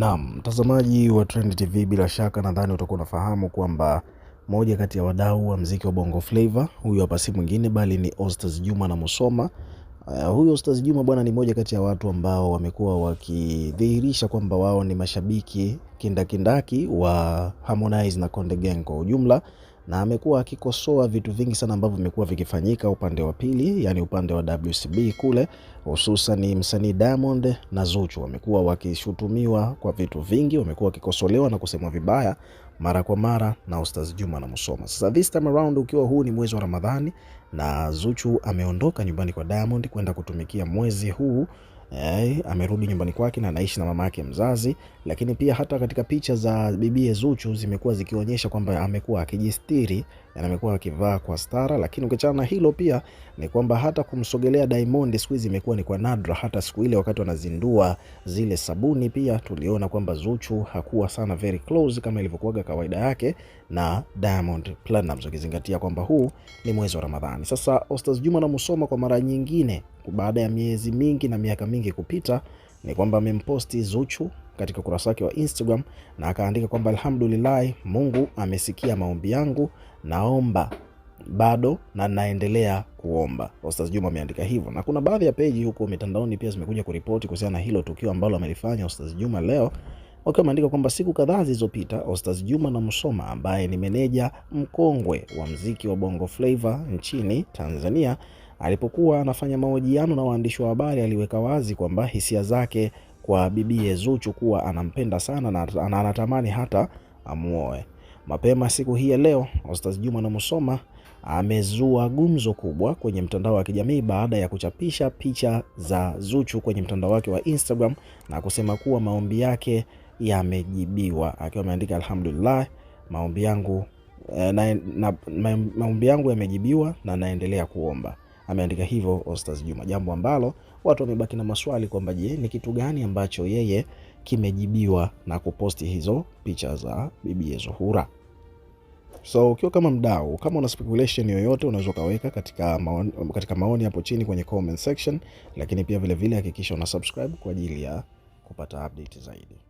Naam, mtazamaji wa Trend TV, bila shaka nadhani utakuwa unafahamu kwamba moja kati ya wadau wa mziki wa Bongo Flava huyu hapa si mwingine bali ni Ostaz Juma na Musoma Uh, huyo Ustaz Juma bwana ni moja kati ya watu ambao wamekuwa wakidhihirisha kwamba wao ni mashabiki kindakindaki wa Harmonize na Konde Gang kwa ujumla, na amekuwa akikosoa vitu vingi sana ambavyo vimekuwa vikifanyika upande wa pili, yani upande wa WCB kule, hususan msanii Diamond na Zuchu wamekuwa wakishutumiwa kwa vitu vingi, wamekuwa wakikosolewa na kusemwa vibaya mara kwa mara na Ustaz Juma na Musoma. Sasa this time around ukiwa huu ni mwezi wa Ramadhani na Zuchu ameondoka nyumbani kwa Diamond kwenda kutumikia mwezi huu eh, amerudi nyumbani kwake na anaishi na mama yake mzazi, lakini pia hata katika picha za bibie Zuchu zimekuwa zikionyesha kwamba amekuwa akijistiri na amekuwa akivaa kwa stara. Lakini ukiachana na hilo, pia ni kwamba hata kumsogelea Diamond siku hizi imekuwa ni kwa nadra. Hata siku ile wakati wanazindua zile sabuni, pia tuliona kwamba Zuchu hakuwa sana very close kama ilivyokuwaga kawaida yake na Diamond Platnumz, ukizingatia kwamba huu ni mwezi wa Ramadhani. Sasa Ostaz Juma na Musoma kwa mara nyingine baada ya miezi mingi na miaka mingi kupita, ni kwamba amemposti Zuchu katika ukurasa wake wa Instagram na akaandika kwamba alhamdulillah, Mungu amesikia maombi yangu, naomba bado na naendelea kuomba. Ostaz Juma ameandika hivyo, na kuna baadhi ya peji huko mitandaoni pia zimekuja kuripoti kuhusiana na hilo tukio ambalo amelifanya Ostaz Juma leo wakiwa ameandika kwamba siku kadhaa zilizopita Ostaz Juma na Msoma ambaye ni meneja mkongwe wa mziki wa Bongo Flava nchini Tanzania Alipokuwa anafanya mahojiano na waandishi wa habari, aliweka wazi kwamba hisia zake kwa bibie Zuchu kuwa anampenda sana na anatamani hata amuoe. Mapema siku hii ya leo, Ostaz Juma na Musoma amezua gumzo kubwa kwenye mtandao wa kijamii baada ya kuchapisha picha za Zuchu kwenye mtandao wake wa Instagram na kusema kuwa maombi yake yamejibiwa, akiwa ameandika alhamdulillah, maombi yangu eh, na, na, maombi yangu yamejibiwa na naendelea kuomba. Ameandika hivyo Ostaz Juma, jambo ambalo watu wamebaki na maswali kwamba je, ni kitu gani ambacho yeye kimejibiwa na kuposti hizo picha za bibi Zuhura. So ukiwa kama mdau, kama una speculation yoyote unaweza ukaweka katika maoni, katika maoni hapo chini kwenye comment section, lakini pia vilevile hakikisha una subscribe kwa ajili ya kupata update zaidi.